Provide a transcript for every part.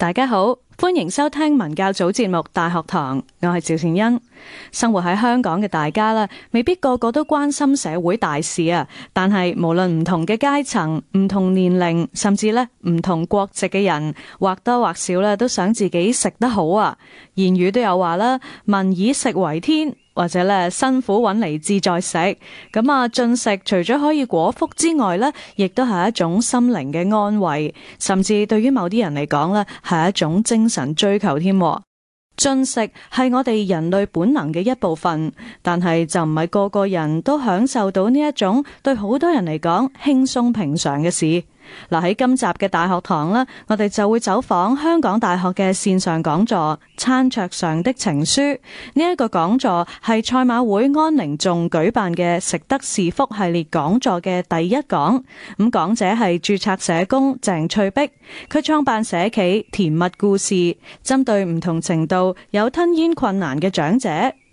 大家好，歡迎收聽文教組節目《大學堂》，我係趙善恩。生活喺香港嘅大家啦，未必個個都關心社會大事啊。但係無論唔同嘅階層、唔同年齡，甚至呢唔同國籍嘅人，或多或少呢都想自己食得好啊。言語都有話啦：民以食為天。或者咧，辛苦揾嚟自在食，咁啊，進食除咗可以果腹之外呢，亦都係一種心靈嘅安慰，甚至對於某啲人嚟講呢係一種精神追求添。進食係我哋人類本能嘅一部分，但係就唔係個個人都享受到呢一種對好多人嚟講輕鬆平常嘅事。嗱喺今集嘅大學堂咧，我哋就會走訪香港大學嘅線上講座《餐桌上的情書》呢一個講座係賽馬會安寧頌舉辦嘅食得是福系列講座嘅第一講。咁講者係注冊社工鄭翠碧，佢創辦社企甜蜜故事，針對唔同程度有吞咽困難嘅長者。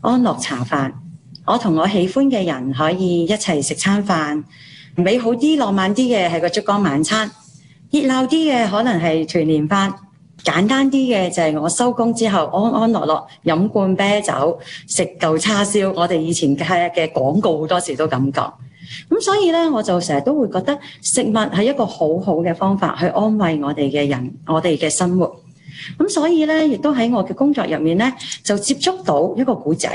安樂茶飯，我同我喜歡嘅人可以一齊食餐飯，美好啲、浪漫啲嘅係個燭光晚餐，熱鬧啲嘅可能係團年飯，簡單啲嘅就係我收工之後安安樂樂飲罐啤酒，食嚿叉燒。我哋以前睇嘅廣告好多時都咁講，咁所以呢，我就成日都會覺得食物係一個好好嘅方法去安慰我哋嘅人，我哋嘅生活。咁所以呢，亦都喺我嘅工作入面呢，就接觸到一個古仔。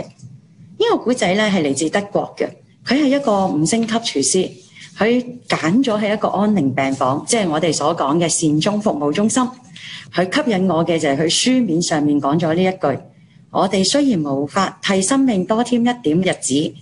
這個、故事呢個古仔咧，係嚟自德國嘅，佢係一個五星級廚師，佢揀咗喺一個安寧病房，即係我哋所講嘅善終服務中心。佢吸引我嘅就係佢書面上面講咗呢一句：我哋雖然無法替生命多添一點日子，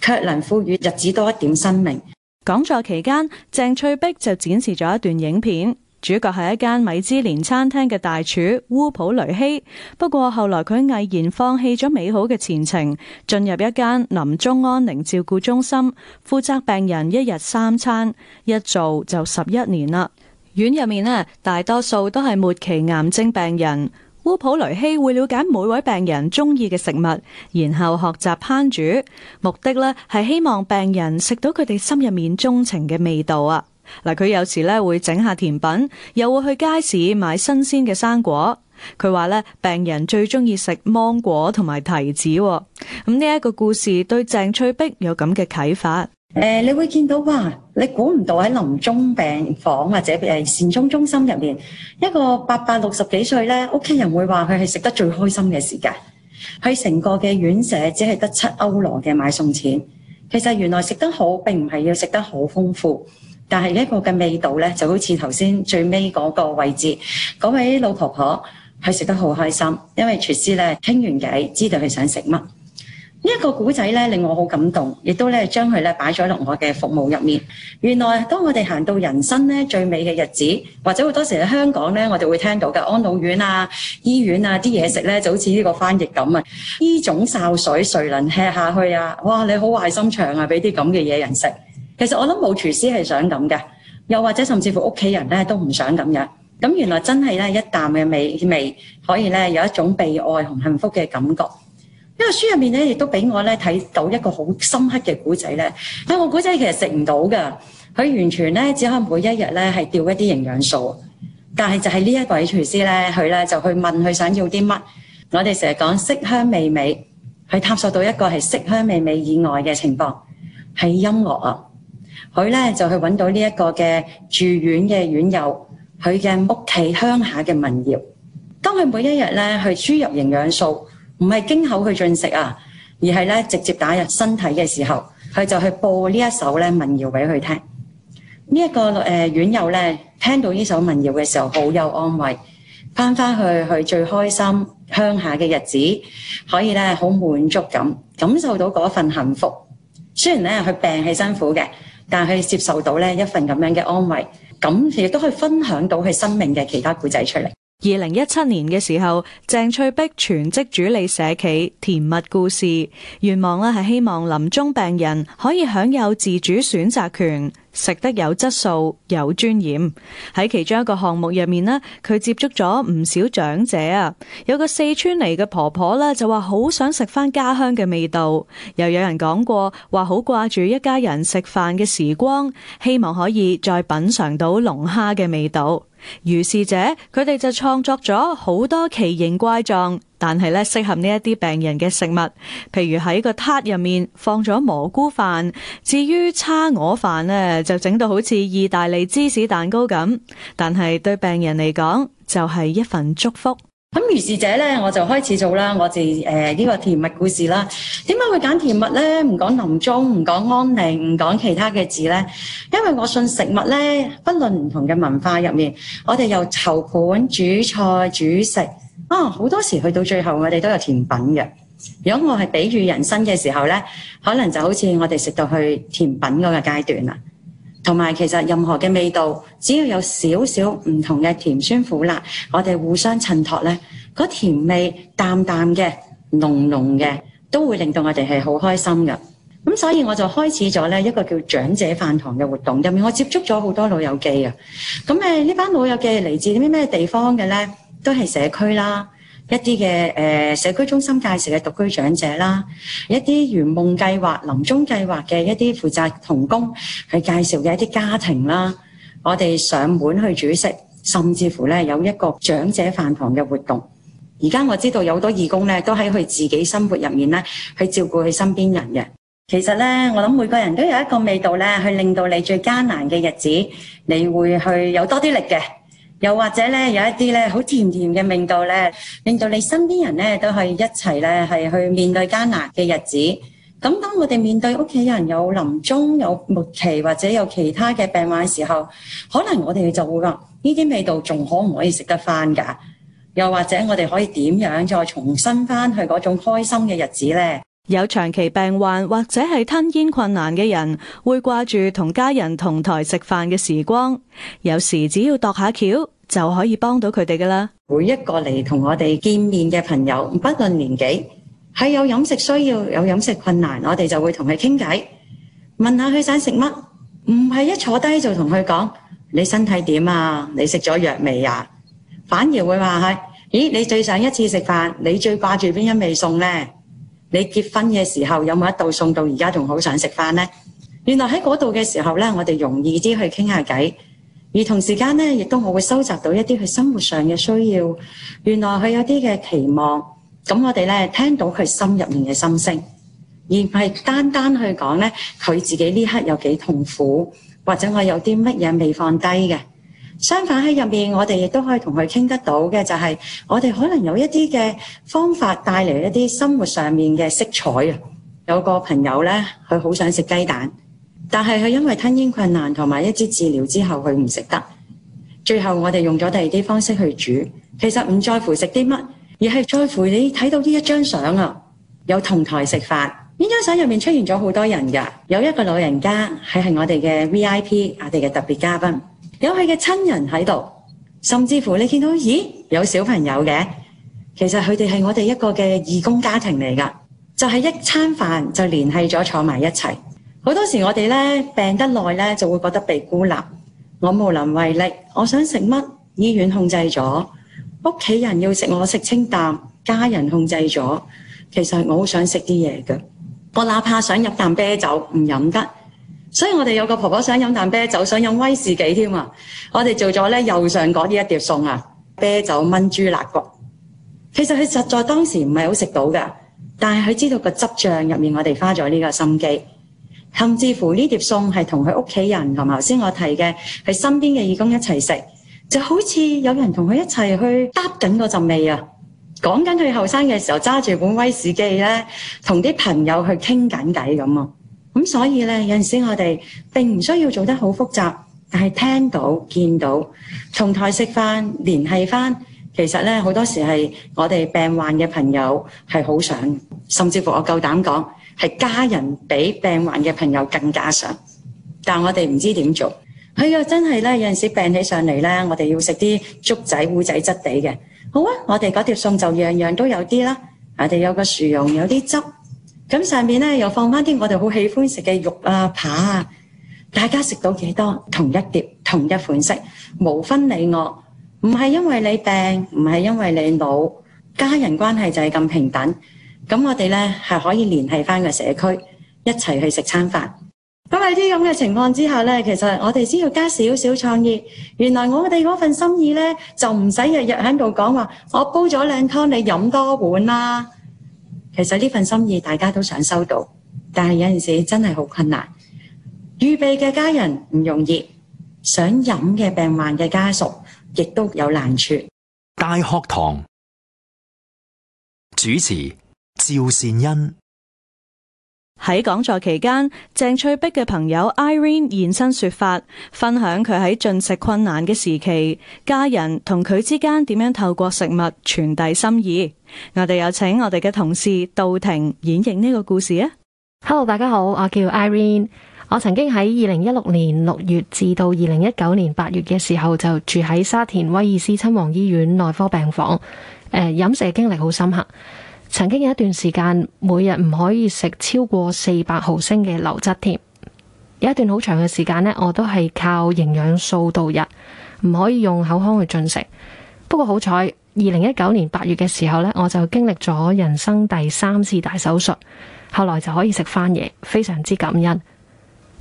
卻能賦予日子多一點生命。講座期間，鄭翠碧就展示咗一段影片。主角係一間米芝蓮餐廳嘅大廚烏普雷希，不過後來佢毅然放棄咗美好嘅前程，進入一間臨終安寧照顧中心，負責病人一日三餐，一做就十一年啦。院入面呢，大多數都係末期癌症病人。烏普雷希會了解每位病人中意嘅食物，然後學習烹煮，目的呢係希望病人食到佢哋心入面鍾情嘅味道啊！嗱，佢有時咧會整下甜品，又會去街市買新鮮嘅生果。佢話咧，病人最中意食芒果同埋提子咁。呢、這、一個故事對鄭翠碧有咁嘅啟發。誒、呃，你會見到哇，你估唔到喺臨終病房或者誒善終中心入面，一個八百六十幾歲咧，屋企人會話佢係食得最開心嘅時間。喺成個嘅院舍只係得七歐羅嘅買餸錢，其實原來食得好並唔係要食得好豐富。但係呢個嘅味道咧，就好似頭先最尾嗰個位置，嗰位老婆婆係食得好開心，因為廚師咧傾完偈，知道佢想食乜。這個、呢一個古仔咧令我好感動，亦都咧將佢咧擺咗喺我嘅服務入面。原來當我哋行到人生咧最美嘅日子，或者好多時喺香港咧，我哋會聽到嘅安老院啊、醫院啊啲嘢食咧，就好似呢個翻譯咁啊！呢種潲水誰能吃下去啊？哇！你好壞心腸啊，俾啲咁嘅嘢人食。其實我諗冇廚師係想咁嘅，又或者甚至乎屋企人咧都唔想咁樣。咁原來真係咧一啖嘅美味可以咧有一種被愛同幸福嘅感覺。因為書入面咧亦都俾我咧睇到一個好深刻嘅古仔咧。喺我古仔其實食唔到㗎，佢完全咧只可以每一日咧係吊一啲營養素，但係就係呢一位廚師咧，佢咧就去問佢想要啲乜。我哋成日講色香味美，美，去探索到一個係色香味美，美以外嘅情況係音樂啊。佢咧就去揾到呢一個嘅住院嘅院友，佢嘅屋企鄉下嘅民謠。當佢每一日咧去輸入營養素，唔係經口去進食啊，而係咧直接打入身體嘅時候，佢就去播呢一首咧民謠俾佢聽。呢、這、一個誒、呃、院友咧聽到呢首民謠嘅時候，好有安慰，翻返去佢最開心鄉下嘅日子，可以咧好滿足感，感受到嗰份幸福。雖然咧佢病係辛苦嘅。但係接受到呢一份咁樣嘅安慰，咁亦都可以分享到佢生命嘅其他故仔出嚟。二零一七年嘅時候，鄭翠碧全職主理社企甜蜜故事，願望咧係希望臨終病人可以享有自主選擇權。食得有質素、有尊嚴。喺其中一個項目入面呢，佢接觸咗唔少長者啊。有個四川嚟嘅婆婆咧，就話好想食翻家鄉嘅味道。又有人講過話，好掛住一家人食飯嘅時光，希望可以再品嚐到龍蝦嘅味道。於是者，佢哋就創作咗好多奇形怪狀。但係咧，適合呢一啲病人嘅食物，譬如喺個撻入面放咗蘑菇飯，至於叉鵝飯呢，就整到好似意大利芝士蛋糕咁。但係對病人嚟講，就係、是、一份祝福。咁如是者咧，我就開始做啦。我自誒呢個甜蜜故事啦，點解會揀甜蜜咧？唔講臨終，唔講安寧，唔講其他嘅字咧，因為我信食物咧，不論唔同嘅文化入面，我哋由頭盤、煮菜、煮食。啊！好多時去到最後，我哋都有甜品嘅。如果我係比喻人生嘅時候呢，可能就好似我哋食到去甜品嗰個階段啦。同埋其實任何嘅味道，只要有少少唔同嘅甜酸苦辣，我哋互相襯托呢，嗰甜味淡淡嘅、濃濃嘅，都會令到我哋係好開心嘅。咁所以我就開始咗呢一個叫長者飯堂嘅活動入面，我接觸咗好多老友記啊。咁誒呢班老友記嚟自啲咩地方嘅呢？都係社區啦，一啲嘅誒社區中心介紹嘅獨居長者啦，一啲圓夢計劃、臨終計劃嘅一啲負責同工去介紹嘅一啲家庭啦，我哋上門去煮食，甚至乎咧有一個長者飯堂嘅活動。而家我知道有好多義工咧，都喺佢自己生活入面咧去照顧佢身邊人嘅。其實咧，我諗每個人都有一個味道咧，去令到你最艱難嘅日子，你會去有多啲力嘅。又或者咧，有一啲咧好甜甜嘅味道咧，令到你身邊人咧都係一齊咧係去面對艱難嘅日子。咁當我哋面對屋企人有臨終、有末期或者有其他嘅病患嘅時候，可能我哋就會話：呢啲味道仲可唔可以食得翻㗎？又或者我哋可以點樣再重新翻去嗰種開心嘅日子咧？有長期病患或者係吞咽困難嘅人，會掛住同家人同台食飯嘅時光。有時只要度下橋，就可以幫到佢哋噶啦。每一個嚟同我哋見面嘅朋友，不論年紀，係有飲食需要、有飲食困難，我哋就會同佢傾偈，問下佢想食乜。唔係一坐低就同佢講，你身體點啊？你食咗藥未啊？反而會話係咦？你最想一次食飯？你最掛住邊一味餸呢？你結婚嘅時候有冇一道餸到而家仲好想食飯咧？原來喺嗰度嘅時候咧，我哋容易啲去傾下偈，而同時間咧，亦都我會收集到一啲佢生活上嘅需要。原來佢有啲嘅期望，咁我哋咧聽到佢心入面嘅心聲，而唔係單單去講咧佢自己呢刻有幾痛苦，或者我有啲乜嘢未放低嘅。相反喺入面，我哋亦都可以同佢傾得到嘅就係、是，我哋可能有一啲嘅方法帶嚟一啲生活上面嘅色彩啊。有個朋友呢，佢好想食雞蛋，但係佢因為吞嚥困難同埋一啲治療之後，佢唔食得。最後我哋用咗第二啲方式去煮，其實唔在乎食啲乜，而係在乎你睇到呢一張相啊。有同台食飯。呢張相入面出現咗好多人嘅，有一個老人家佢係我哋嘅 VIP，我哋嘅特別嘉賓。有佢嘅親人喺度，甚至乎你見到咦，有小朋友嘅，其實佢哋係我哋一個嘅義工家庭嚟㗎，就係一餐飯就聯繫咗坐埋一齊。好多時我哋呢病得耐呢，就會覺得被孤立。我無能為力，我想食乜，醫院控制咗，屋企人要食我食清淡，家人控制咗。其實我好想食啲嘢嘅，我哪怕想飲啖啤酒唔飲得。所以我哋有個婆婆想飲啖啤酒，想飲威士忌添啊！我哋做咗右上角呢一碟餸啊，啤酒炆豬肋骨。其實佢實在當時唔係好食到㗎，但係佢知道個汁醬入面我哋花咗呢個心機，甚至乎呢碟餸係同佢屋企人同埋頭先我提嘅係身邊嘅義工一齊食，就好似有人同佢一齊去搭緊嗰陣味啊，講緊佢後生嘅時候揸住本威士忌咧，同啲朋友去傾緊偈咁啊！咁、嗯、所以咧，有陣時候我哋並唔需要做得好複雜，但係聽到、見到、同台食飯、聯繫返，其實咧好多時係我哋病患嘅朋友係好想，甚至乎我夠膽講係家人比病患嘅朋友更加想，但我哋唔知點做。係、嗯、啊，真係咧，有陣時候病起上嚟咧，我哋要食啲粥仔、烏仔質地嘅。好啊，我哋嗰碟餸就樣樣都有啲啦，我哋有個薯蓉，有啲汁。咁上面又放翻啲我哋好喜歡食嘅肉啊、扒啊，大家食到幾多？同一碟、同一款式，無分你我，唔係因為你病，唔係因為你老，家人關係就係咁平等。咁我哋呢係可以聯繫翻個社區，一齊去食餐飯。咁喺啲咁嘅情況之下呢，其實我哋只要加少少創意。原來我哋嗰份心意呢，就唔使日日喺度講話，我煲咗靚湯，你飲多喝碗啦、啊。其實呢份心意大家都想收到，但係有陣時真係好困難。預備嘅家人唔容易，想飲嘅病患嘅家屬亦都有難處。大學堂主持趙善恩。喺講座期間，鄭翠碧嘅朋友 Irene 現身說法，分享佢喺進食困難嘅時期，家人同佢之間點樣透過食物傳遞心意。我哋有請我哋嘅同事杜婷演繹呢個故事啊！Hello，大家好，我叫 Irene。我曾經喺二零一六年六月至到二零一九年八月嘅時候，就住喺沙田威爾斯親王醫院內科病房，誒、呃，飲食經歷好深刻。曾經有一段時間，每日唔可以食超過四百毫升嘅流質。添有一段好長嘅時間呢，我都係靠營養素度日，唔可以用口腔去進食。不過好彩，二零一九年八月嘅時候呢，我就經歷咗人生第三次大手術，後來就可以食翻嘢，非常之感恩。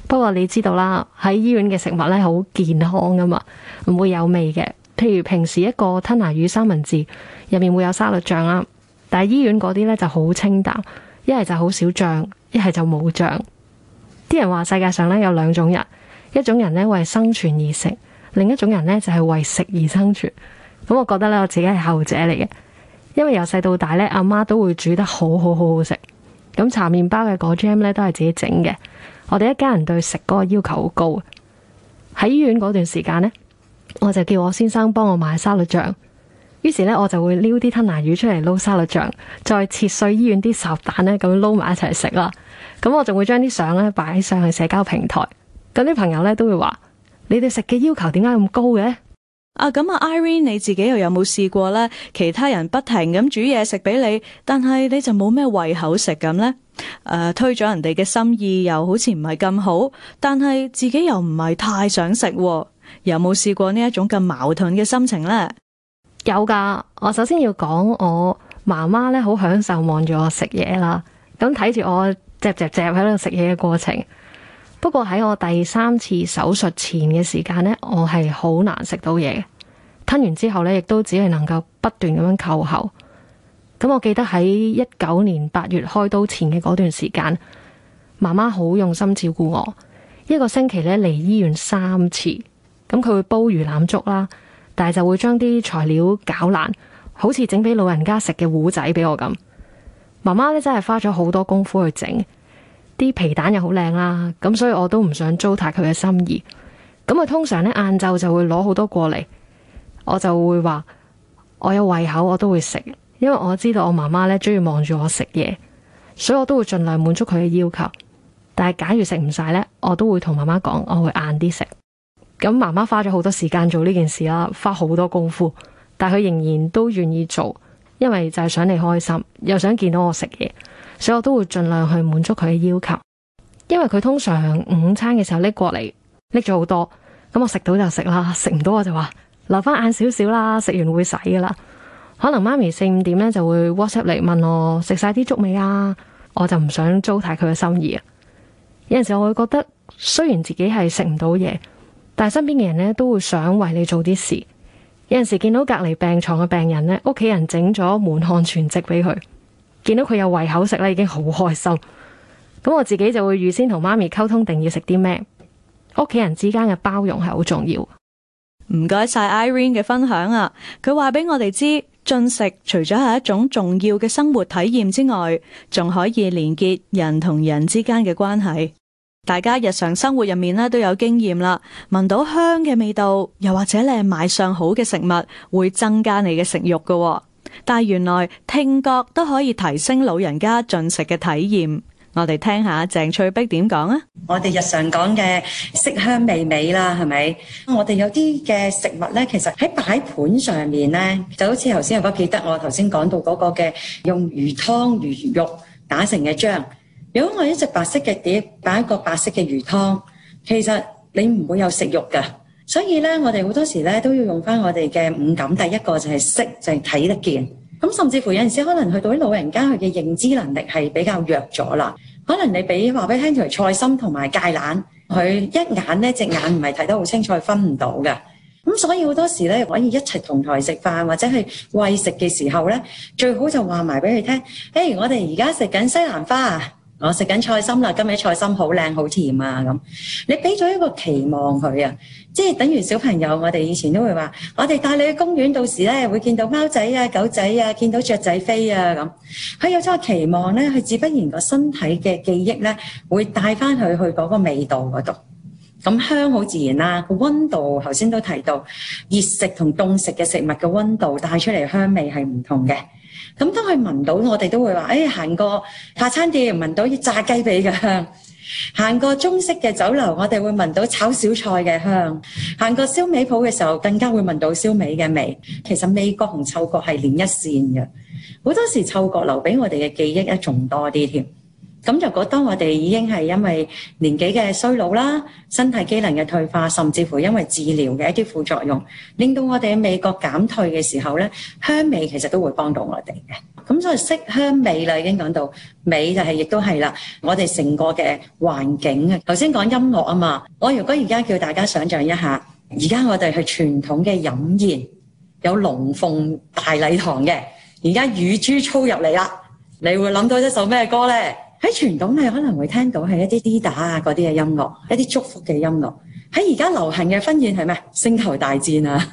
不過你知道啦，喺醫院嘅食物呢，好健康㗎嘛，唔會有味嘅。譬如平時一個吞拿魚三文治，入面會有沙律醬啦。但係醫院嗰啲呢就好清淡，一係就好少醬，一係就冇醬。啲人話世界上呢有兩種人，一種人呢為生存而食，另一種人呢就係為食而生存。咁我覺得咧，我自己係後者嚟嘅，因為由細到大呢，阿媽都會煮得好好好好食。咁搽麵包嘅果醬呢都係自己整嘅。我哋一家人對食嗰個要求好高。喺醫院嗰段時間呢，我就叫我先生幫我買沙律醬。於是咧，我就會撩啲吞拿魚出嚟撈沙律醬，再切碎醫院啲鴨蛋咧，咁撈埋一齊食啦。咁我仲會將啲相咧擺上去社交平台。咁啲朋友咧都會話：你哋食嘅要求點解咁高嘅？啊，嗯，啊，咁啊 Irene 你自己又有冇試過咧？其他人不停咁煮嘢食俾你，但係你就冇咩胃口食咁呢？誒，啊，推咗人哋嘅心意又好似唔係咁好，但係自己又唔係太想食，有冇試過呢一種咁矛盾嘅心情呢？有噶，我首先要講我媽媽咧好享受望住我食嘢啦，咁睇住我隻隻隻喺度食嘢嘅過程。不過喺我第三次手術前嘅時間呢，我係好難食到嘢，吞完之後呢，亦都只係能夠不斷咁樣扣喉。咁我記得喺一九年八月開刀前嘅嗰段時間，媽媽好用心照顧我，一個星期呢，嚟醫院三次，咁佢會煲魚腩粥啦。但係就會將啲材料攪爛，好似整俾老人家食嘅糊仔俾我咁。媽媽咧真係花咗好多功夫去整，啲皮蛋又好靚啦。咁所以我都唔想糟蹋佢嘅心意。咁啊，通常呢晏晝就會攞好多過嚟，我就會話我有胃口，我都會食，因為我知道我媽媽呢中意望住我食嘢，所以我都會盡量滿足佢嘅要求。但係假如食唔晒呢，我都會同媽媽講，我會晏啲食。咁，媽媽花咗好多時間做呢件事啦，花好多功夫，但係佢仍然都願意做，因為就係想你開心，又想見到我食嘢，所以我都會盡量去滿足佢嘅要求。因為佢通常午餐嘅時候拎過嚟拎咗好多，咁我食到就食啦，食唔到我就話留翻晏少少啦。食完會洗噶啦。可能媽咪四五點呢就會 WhatsApp 嚟問我食晒啲粥未啊？我就唔想糟蹋佢嘅心意啊。有陣時我會覺得，雖然自己係食唔到嘢。但係身邊嘅人呢，都會想為你做啲事。有陣時見到隔籬病床嘅病人呢，屋企人整咗滿漢全席俾佢，見到佢有胃口食咧，已經好開心。咁我自己就會預先同媽咪溝通，定要食啲咩。屋企人之間嘅包容係好重要。唔該晒 Irene 嘅分享啊！佢話俾我哋知，進食除咗係一種重要嘅生活體驗之外，仲可以連結人同人之間嘅關係。大家日常生活入面咧都有經驗啦，聞到香嘅味道，又或者你係買上好嘅食物，會增加你嘅食慾噶。但係原來聽覺都可以提升老人家進食嘅體驗。我哋聽下鄭翠碧點講啊！我哋日常講嘅色香味美啦，係咪？我哋有啲嘅食物咧，其實喺擺盤上面咧，就好似頭先我唔記得，我頭先講到嗰個嘅用魚湯魚肉打成嘅醬。如果我一隻白色嘅碟擺一個白色嘅魚湯，其實你唔會有食慾噶。所以咧，我哋好多時咧都要用翻我哋嘅五感。第一個就係色，就係、是、睇得見。咁甚至乎有陣時，可能去到啲老人家，佢嘅認知能力係比較弱咗啦。可能你俾話俾聽，譬菜心同埋芥蘭，佢一眼咧隻眼唔係睇得好清楚，分唔到噶。咁所以好多時咧可以一齊同台食飯，或者去餵食嘅時候咧，最好就話埋俾佢聽，誒、hey，我哋而家食緊西蘭花啊！我食緊菜心啦，今日菜心好靚好甜啊，咁，你俾咗一個期望佢啊，即係等於小朋友，我哋以前都會話，我哋帶你去公園，到時咧會見到貓仔啊、狗仔啊、見到雀仔飛啊，咁，佢有咗個期望咧，佢自不然個身體嘅記憶咧會帶翻佢去嗰個味道嗰度，咁香好自然啦。個温度頭先都提到，熱食同凍食嘅食物嘅温度帶出嚟香味係唔同嘅。咁當佢聞到，我哋都會話：誒、哎、行過快餐店聞到炸雞髀嘅香；行過中式嘅酒樓，我哋會聞到炒小菜嘅香；行過燒味鋪嘅時候，更加會聞到燒味嘅味。其實味覺同嗅覺係連一線嘅，好多時嗅覺留俾我哋嘅記憶仲多啲添。咁就，如果當我哋已經係因為年紀嘅衰老啦、身體機能嘅退化，甚至乎因為治療嘅一啲副作用，令到我哋嘅味覺減退嘅時候咧，香味其實都會幫到我哋嘅。咁所以色香味啦，已經講到美就係、是，亦都係啦。我哋成個嘅環境啊，頭先講音樂啊嘛。我如果而家叫大家想象一下，而家我哋係傳統嘅飲宴，有龍鳳大禮堂嘅，而家乳豬操入嚟啦，你會諗到一首咩歌咧？喺傳統你可能會聽到係一啲 D 打啊嗰啲嘅音樂，一啲祝福嘅音樂。喺而家流行嘅婚宴係咩？星球大戰啊！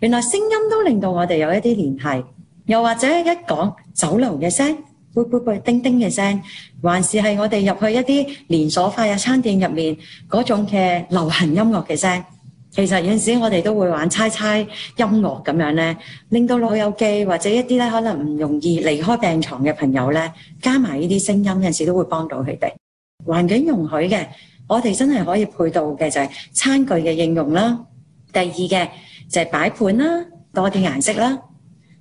原來聲音都令到我哋有一啲聯繫，又或者一講酒樓嘅聲，噥噥噥叮叮嘅聲，還是係我哋入去一啲連鎖化嘅餐店入面嗰種嘅流行音樂嘅聲。其實有陣時我哋都會玩猜猜音樂咁樣咧，令到老友記或者一啲咧可能唔容易離開病牀嘅朋友咧，加埋呢啲聲音有陣時都會幫到佢哋。環境容許嘅，我哋真係可以配到嘅就係餐具嘅應用啦。第二嘅就係擺盤啦，多啲顏色啦。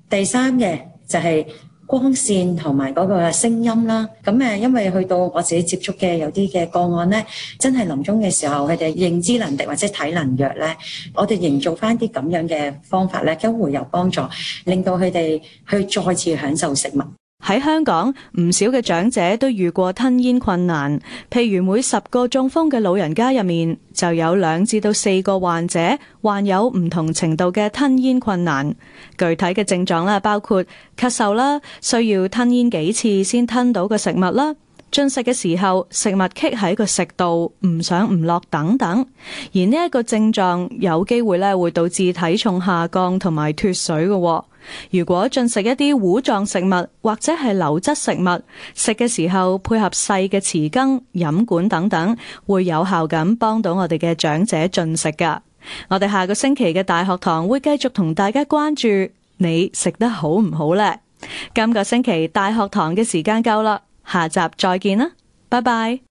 第三嘅就係。光線同埋嗰個聲音啦，咁誒，因為去到我自己接觸嘅有啲嘅個案咧，真係臨終嘅時候，佢哋認知能力或者體能弱咧，我哋營造翻啲咁樣嘅方法咧，都會有幫助，令到佢哋去再次享受食物。喺香港，唔少嘅長者都遇過吞嚥困難。譬如每十個中風嘅老人家入面，就有兩至到四個患者患有唔同程度嘅吞嚥困難。具體嘅症狀咧，包括咳嗽啦，需要吞嚥幾次先吞到個食物啦，進食嘅時候食物棘喺個食道，唔上唔落等等。而呢一個症狀有機會咧，會導致體重下降同埋脫水嘅。如果進食一啲糊狀食物或者係流質食物，食嘅時候配合細嘅匙羹、飲管等等，會有效咁幫到我哋嘅長者進食㗎。我哋下個星期嘅大學堂會繼續同大家關注你食得好唔好呢。今個星期大學堂嘅時間夠啦，下集再見啦，拜拜。